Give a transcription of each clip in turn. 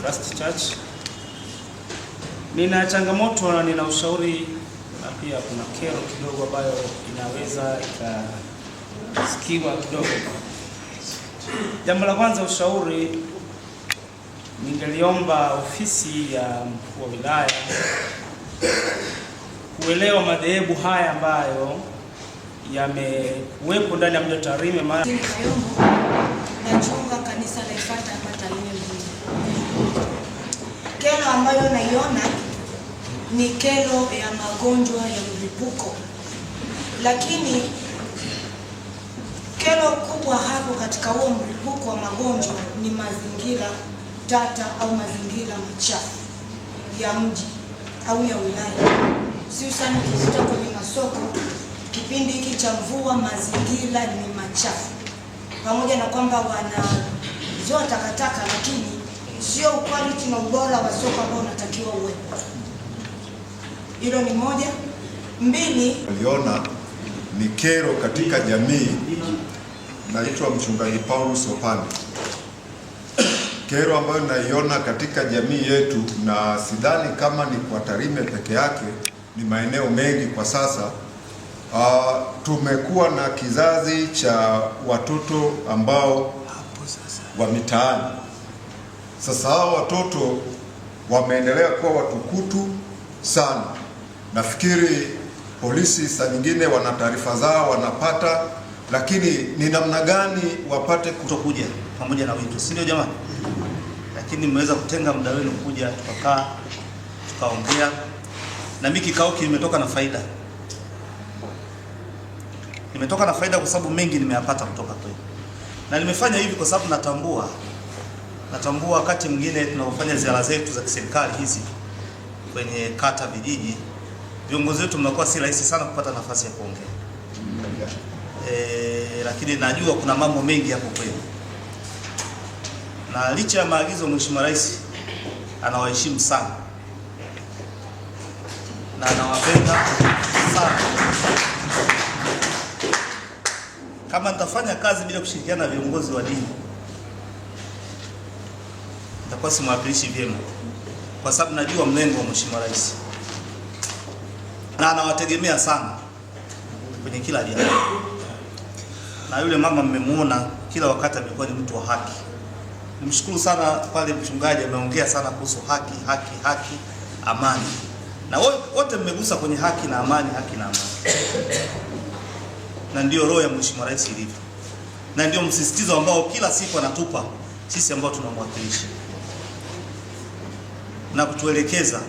Christ Church. Nina changamoto na nina ushauri na pia kuna kero kidogo ambayo inaweza ikasikiwa kidogo. Jambo la kwanza, ushauri ningeliomba ofisi ya mkuu wa wilaya kuelewa madhehebu haya ambayo yamekuwepo ndani ya mji wa Tarime ambayo naiona ni kero ya magonjwa ya mlipuko, lakini kero kubwa hapo katika huo mlipuko wa magonjwa ni mazingira tata au mazingira machafu ya mji au ya wilaya, si sana kisita kwenye masoko. Kipindi hiki cha mvua mazingira ni machafu, pamoja na kwamba wanazoa takataka, lakini sio quality na ubora wa soka ambao unatakiwa uwe. Hilo ni moja. Mbili, aliona ni kero katika jamii. Naitwa mchungaji paulo sopani Kero ambayo naiona katika jamii yetu, na sidhani kama ni kwa Tarime peke yake, ni maeneo mengi kwa sasa. Uh, tumekuwa na kizazi cha watoto ambao wa mitaani sasa hao watoto wameendelea kuwa watukutu sana. Nafikiri polisi saa nyingine wana taarifa zao wanapata, lakini ni namna gani wapate kutokuja pamoja na wito, si ndio jamani? Lakini mmeweza kutenga muda wenu kuja, tukakaa tukaongea, na mimi kikao kimetoka na faida nimetoka na faida kwa sababu mengi nimeyapata kutoka kwenu, na nimefanya hivi kwa sababu natambua Natambua wakati mwingine tunapofanya ziara zetu za kiserikali hizi kwenye kata, vijiji, viongozi wetu mnakuwa si rahisi sana kupata nafasi ya kuongea e, lakini najua kuna mambo mengi hapo kwenu, na licha ya maagizo Mheshimiwa Rais anawaheshimu sana na anawapenda sana. Kama nitafanya kazi bila kushirikiana na viongozi wa dini nitakuwa simwakilishi vyema, kwa sababu najua mlengo wa Mheshimiwa Rais na anawategemea sana kwenye kila jambo, na yule mama mmemuona kila wakati amekuwa ni mtu wa haki. Nimshukuru sana pale mchungaji ameongea sana kuhusu haki, haki, haki, amani, na wote mmegusa kwenye haki na amani, haki na amani na ndio roho ya Mheshimiwa Rais ilivyo, na ndio msisitizo ambao kila siku anatupa sisi ambao tunamwakilisha na kutuelekeza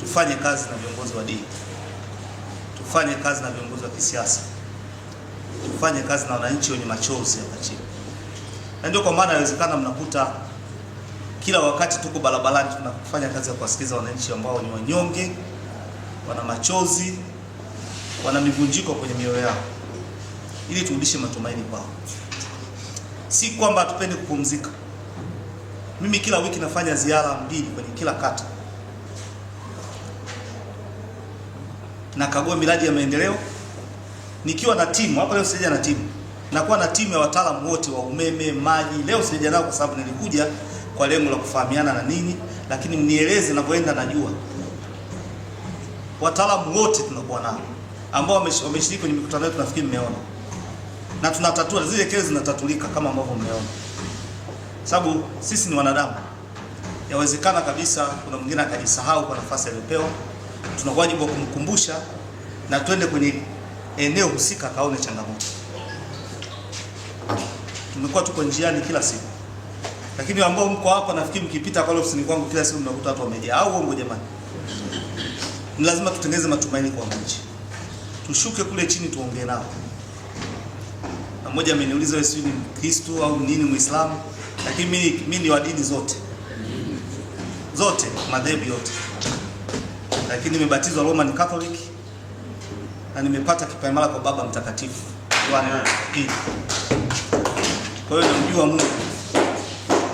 tufanye kazi na viongozi wa dini, tufanye kazi na viongozi wa kisiasa, tufanye kazi na wananchi wenye machozi hapa chini. Na ndio kwa maana inawezekana mnakuta kila wakati tuko barabarani tunafanya kazi ya kuwasikiza wananchi ambao ni wanyonge, wana machozi, wana mivunjiko kwenye mioyo yao, ili turudishe matumaini kwao. Si kwamba tupende kupumzika, mimi kila wiki nafanya ziara mbili kwenye kila kata, nakagua miradi ya maendeleo nikiwa na timu hapa. Leo sijaja na timu, nakuwa na timu ya wataalamu wote wa umeme, maji. Leo sijaja nao kwa sababu nilikuja kwa lengo la kufahamiana na nini, lakini mnieleze ninavyoenda. Najua wataalamu wote tunakuwa nao ambao wameshiriki kwenye mikutano yetu, nafikiri mmeona, na tunatatua zile kesi, zinatatulika kama ambavyo mmeona sababu sisi ni wanadamu. Yawezekana kabisa kuna mwingine akajisahau kwa nafasi aliyopewa, tuna wajibu wa kumkumbusha na twende kwenye eneo husika kaone changamoto. Tumekuwa tuko njiani kila siku, lakini ambao mko hapa, nafikiri mkipita pale ofisini kwangu kila siku mnakuta watu wamejaa, au uongo jamani? Ni lazima tutengeze matumaini kwa wananchi, tushuke kule chini, tuongee nao. Na mmoja ameniuliza wewe, si ni Mkristo au nini Muislamu? lakini mimi mimi ni wa dini zote zote madhehebu yote, lakini nimebatizwa Roman Catholic na nimepata kipaimara kwa Baba Mtakatifu Kwa hiyo namjua Mungu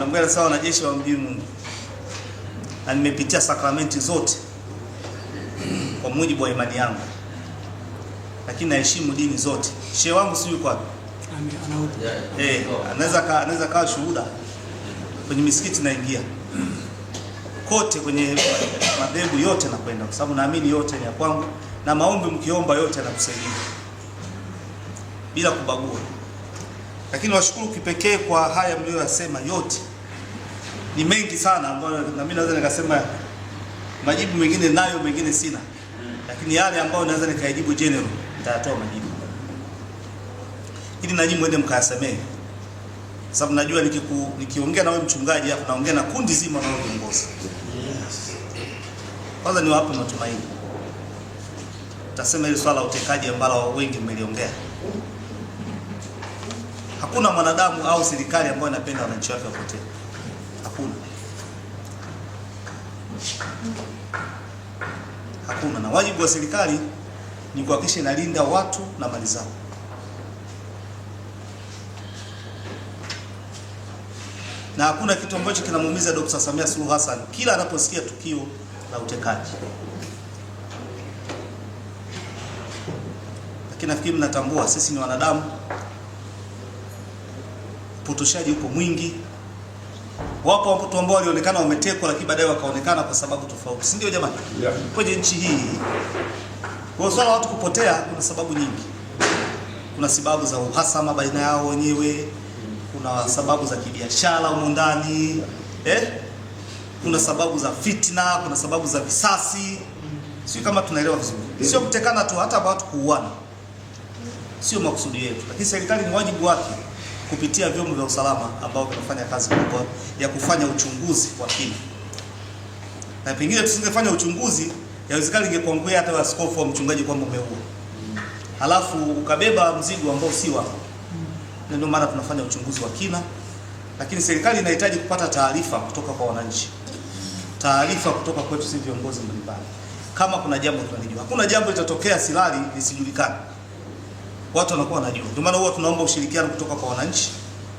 na mbele sawa na jeshi mjini Mungu na nimepitia sakramenti zote kwa mujibu wa imani yangu, lakini naheshimu dini zote. Shehe wangu yuko hapa Eh, oh, anaweza anaweza kawa shuhuda kwenye misikiti naingia kote kwenye madhehebu yote nakwenda, kwa sababu naamini yote ni ya kwangu, na maombi mkiomba yote yanakusaidia bila kubagua. Lakini washukuru kipekee kwa haya mliyoyasema, yote ni mengi sana, ambayo na mimi naweza nikasema majibu mengine nayo, mengine sina, lakini yale ambayo naweza nikayajibu general nitayatoa majibu ili nyinyi mwende mkayasemee, sababu najua nikiku, nikiongea na wewe mchungaji hapo naongea na kundi zima la viongozi. Kwanza ni wape matumaini, tasema hili swala la utekaji ambalo wengi mmeliongea. Hakuna mwanadamu au serikali ambayo inapenda wananchi wake wapotea, hakuna hakuna. Na wajibu wa serikali ni kuhakikisha inalinda watu na mali zao. na hakuna kitu ambacho kinamuumiza Dr. Samia Suluhu Hassan kila anaposikia tukio la utekaji. Lakini nafikiri mnatambua sisi ni wanadamu, upotoshaji upo mwingi. Wapo watu ambao walionekana wametekwa, lakini baadaye wakaonekana kwa sababu tofauti, si ndio jamani? Yeah. Kwenye nchi hii kwa swala watu kupotea, kuna sababu nyingi. Kuna sababu za uhasama baina yao wenyewe kuna sababu za kibiashara humu ndani eh? Kuna sababu za fitna, kuna sababu za visasi, sio kama tunaelewa vizuri. Sio kutekana tu, hata watu kuuana sio makusudi yetu, lakini serikali ni wajibu wake kupitia vyombo vya usalama ambao vinafanya kazi kubwa ya kufanya uchunguzi kwa kina, na pengine tusingefanya uchunguzi, yawezekana ingekuangua hata askofu au mchungaji kwamba umeua, halafu ukabeba mzigo ambao si wako na ndio maana tunafanya uchunguzi wa kina, lakini serikali inahitaji kupata taarifa kutoka kwa wananchi, taarifa kutoka kwetu sisi viongozi mbalimbali, kama kuna jambo tunalijua. Hakuna jambo litatokea Silali lisijulikane, watu wanakuwa wanajua. Ndio maana huwa tunaomba ushirikiano kutoka kwa wananchi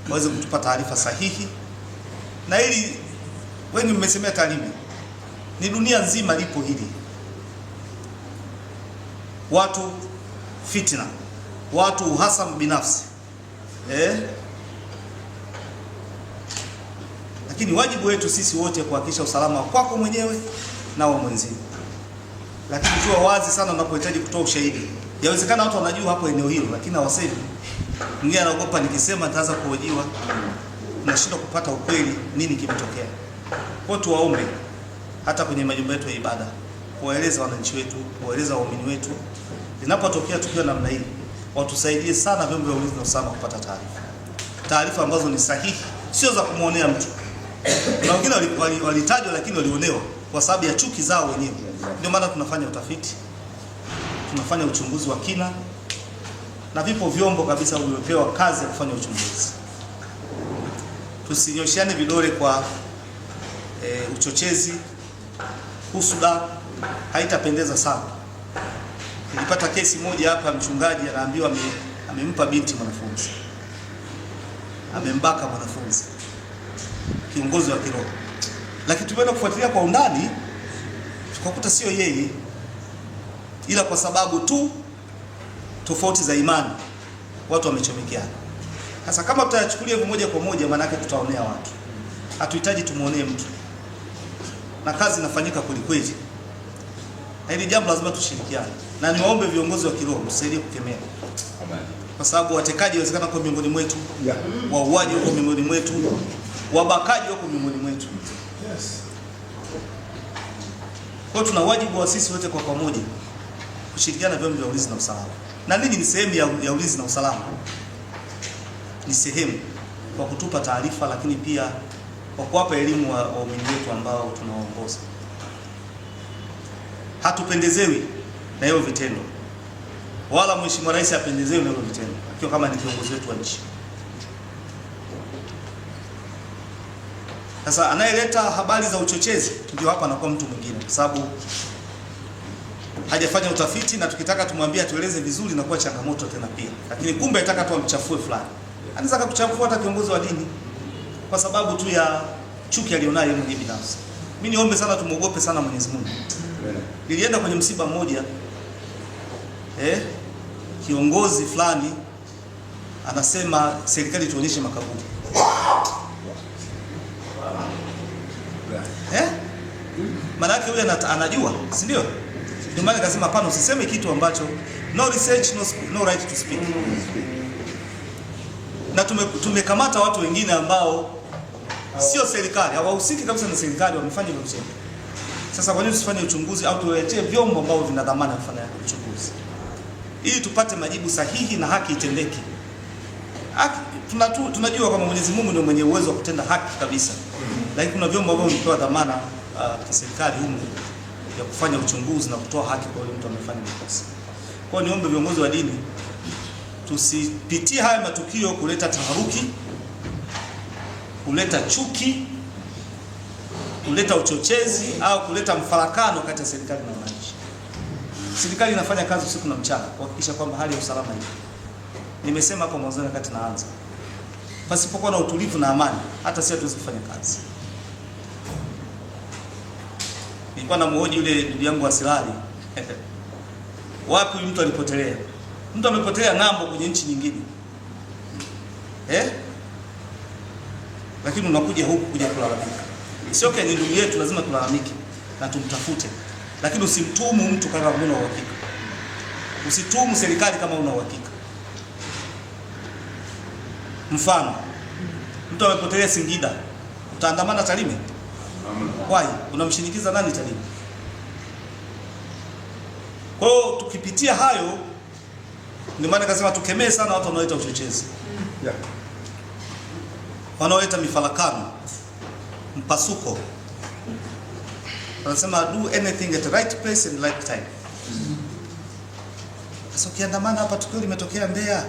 waweze kutupa taarifa sahihi, na ili wengi mmesemea taarifa ni dunia nzima lipo hili, watu fitna, watu uhasama binafsi eh? Lakini wajibu wetu sisi wote kuhakikisha usalama kwako mwenyewe na wa mwenzio. Lakini tuwe wazi sana unapohitaji kutoa ushahidi. Yawezekana watu wanajua hapo eneo hilo, lakini hawasemi. Mwingine anaogopa, nikisema nitaanza kuhojiwa, nashindwa kupata ukweli, nini kimetokea. Kwa tuwaombe hata kwenye majumba yetu ya ibada kuwaeleza wananchi wetu, kuwaeleza waumini wetu linapotokea tukio namna hii watusaidie sana vyombo vya ulinzi na usalama kupata taarifa, taarifa ambazo ni sahihi, sio za kumwonea mtu. Kuna wengine walitajwa lakini walionewa kwa sababu ya chuki zao wenyewe. Ndio maana tunafanya utafiti, tunafanya uchunguzi wa kina, na vipo vyombo kabisa vimepewa kazi ya kufanya uchunguzi. tusinyosheane vidole kwa e, uchochezi, husuda, haitapendeza sana. Nilipata kesi moja hapa, mchungaji anaambiwa amempa binti mwanafunzi, amembaka mwanafunzi, kiongozi wa kiroho, lakini tumeenda kufuatilia kwa undani tukakuta sio yeye, ila kwa sababu tu tofauti za imani watu wamechomekeana. Sasa kama tutayachukulia hivyo moja kwa moja, maana yake tutaonea watu. Hatuhitaji tumuonee mtu, na kazi inafanyika kweli kweli, na hili jambo lazima tushirikiane na niwaombe viongozi wa kiroho msaidie kukemea, kwa sababu watekaji wawezekana kwa miongoni mwetu, wauaji wako miongoni mwetu, wabakaji wako miongoni mwetu. Kwa tuna wajibu wa sisi wote kwa pamoja kushirikiana na vyombo vya ulinzi na usalama, na ninyi ni sehemu ya, ya ulinzi na usalama, ni sehemu kwa kutupa taarifa, lakini pia kwa kuwapa elimu waumini wa wetu ambao tunawaongoza. Hatupendezewi na hiyo vitendo, wala Mheshimiwa Rais apendezewe na hiyo vitendo, akiwa kama ni kiongozi wetu wa nchi. Sasa anayeleta habari za uchochezi ndio hapa anakuwa mtu mwingine, kwa sababu hajafanya utafiti, na tukitaka tumwambie atueleze vizuri na kuwa changamoto tena pia, lakini kumbe anataka tu amchafue fulani, anaweza kuchafua hata kiongozi wa dini kwa sababu tu ya chuki alionayo mwenyewe binafsi. Mimi niombe sana, tumuogope sana Mwenyezi Mungu. Nilienda kwenye msiba mmoja eh, kiongozi fulani anasema serikali tuonyeshe makaburi eh? Maana yake yule anajua, si ndio? Ndio maana akasema hapana, usiseme kitu ambacho no research, no, no right to speak. Na tumekamata watu wengine ambao sio serikali, hawahusiki kabisa na serikali, wamefanya hivyo. Sasa kwa nini tusifanye uchunguzi au tuwaletee vyombo ambao vina dhamana kufanya uchunguzi? ili tupate majibu sahihi na haki itendeke. Haki tunajua kwamba Mwenyezi Mungu ndio mwenye uwezo wa kutenda haki kabisa, lakini kuna vyombo ambavyo vimepewa dhamana uh, serikali humu ya kufanya uchunguzi na kutoa haki kwa yule mtu amefanya makosa. Kwa hiyo niombe viongozi wa dini tusipitie haya matukio kuleta taharuki, kuleta chuki, kuleta uchochezi au kuleta mfarakano kati ya serikali na wananchi. Serikali inafanya kazi usiku na mchana kuhakikisha kwamba hali ya usalama ipo. Nimesema hapo mwanzo wakati naanza, pasipokuwa na utulivu na amani, hata sisi hatuwezi kufanya kazi. Nilikuwa namhoji yule ndugu yangu wa Silali wapi mtu alipotelea, mtu amepotelea ng'ambo kwenye nchi nyingine eh? Lakini unakuja huku kuja kulalamika. Sio okay, ni ndugu yetu, lazima tulalamike na tumtafute lakini usimtumu mtu kama una uhakika. Usitumu serikali kama una uhakika. Mfano, mtu amepotelea Singida, utaandamana Tarime? Wai, unamshinikiza nani Tarime? Kwa hiyo tukipitia hayo, ndio maana kasema tukemee sana watu wanaoleta uchochezi, hmm. wanaoleta mifarakano, mpasuko anasema do anything at the right place and right time. Sasa ukiandamana hapa, tukio limetokea Mbeya,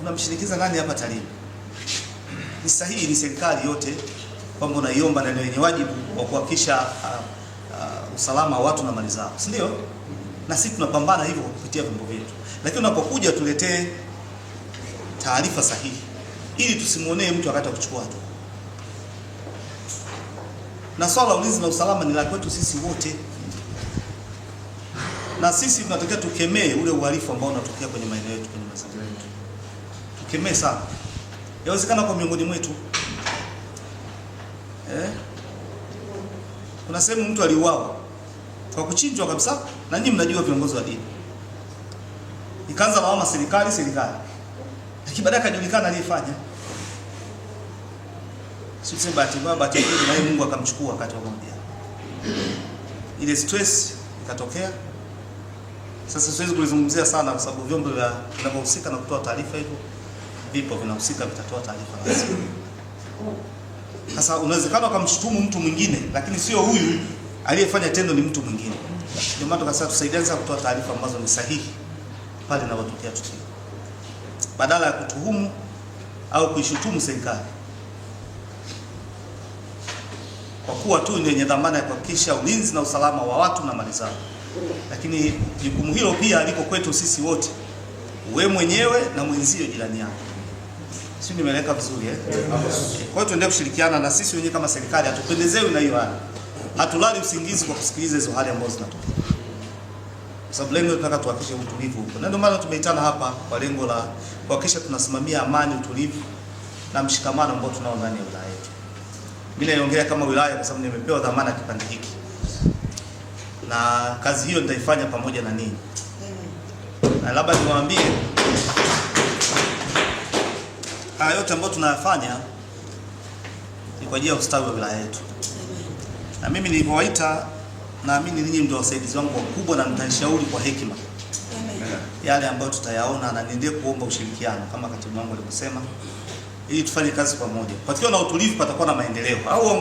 unamshinikiza una nani hapa Tarime? Ni sahihi, ni serikali yote kwamba unaiomba na wenye wajibu wa kuhakikisha uh, uh, usalama wa watu na mali zao, si ndio? Na sisi tunapambana hivyo kupitia vyombo vyetu, lakini unapokuja tuletee taarifa sahihi ili tusimuonee mtu akata wa kuchukua hatua na swala la ulinzi na usalama ni la kwetu sisi wote, na sisi tunatakiwa tukemee ule uhalifu ambao unatokea kwenye maeneo yetu, kwenye mazingira yetu, tukemee sana. Yawezekana kwa miongoni mwetu eh, kuna sehemu mtu aliuawa kwa kuchinjwa kabisa, na nyinyi mnajua viongozi wa dini, ikaanza lawama serikali serikali, lakini baadaye akajulikana aliyefanya si sema bahati mbaya, bahati nzuri, na Mungu akamchukua wakati mmoja, ile stress ikatokea. Sasa siwezi kulizungumzia sana, kwa sababu vyombo vya vinavyohusika na kutoa taarifa hivyo vipo, vinahusika, vitatoa taarifa rasmi. Sasa unawezekana akamshutumu mtu mwingine, lakini sio huyu aliyefanya tendo, ni mtu mwingine. Ndio maana tukasema tusaidiane sana kutoa taarifa ambazo ni sahihi pale inapotokea tukio, badala ya kutuhumu au kuishutumu serikali kwa kuwa tu ni yenye dhamana ya kuhakikisha ulinzi na usalama wa watu na mali zao, lakini jukumu hilo pia liko kwetu sisi wote, we mwenyewe na mwenzio jirani yako. Si nimeleka vizuri eh? Kwa hiyo tuendelee kushirikiana na sisi wenyewe kama serikali, hatupendezewi na hiyo hali, hatulali usingizi kwa kusikiliza hizo hali ambazo zinatokea, kwa sababu lengo tunataka tuhakikishe utulivu huko, na ndio maana tumeitana hapa kwa lengo la kuhakikisha tunasimamia amani, utulivu na mshikamano ambao tunao ndani ya mimi naiongelea kama wilaya kwa sababu nimepewa dhamana ya kipande hiki, na kazi hiyo nitaifanya pamoja na ninyi, na labda niwaambie haya yote ambayo tunayafanya ni kwa ajili ya ustawi wa wilaya yetu, na mimi nilivyowaita, naamini ninyi ndio wasaidizi wangu wakubwa, na mtanishauri kwa hekima yale ambayo tutayaona, na niendelee kuomba ushirikiano kama katibu wangu alivyosema ili tufanye kazi pamoja. Pakiwa na utulivu, patakuwa na maendeleo au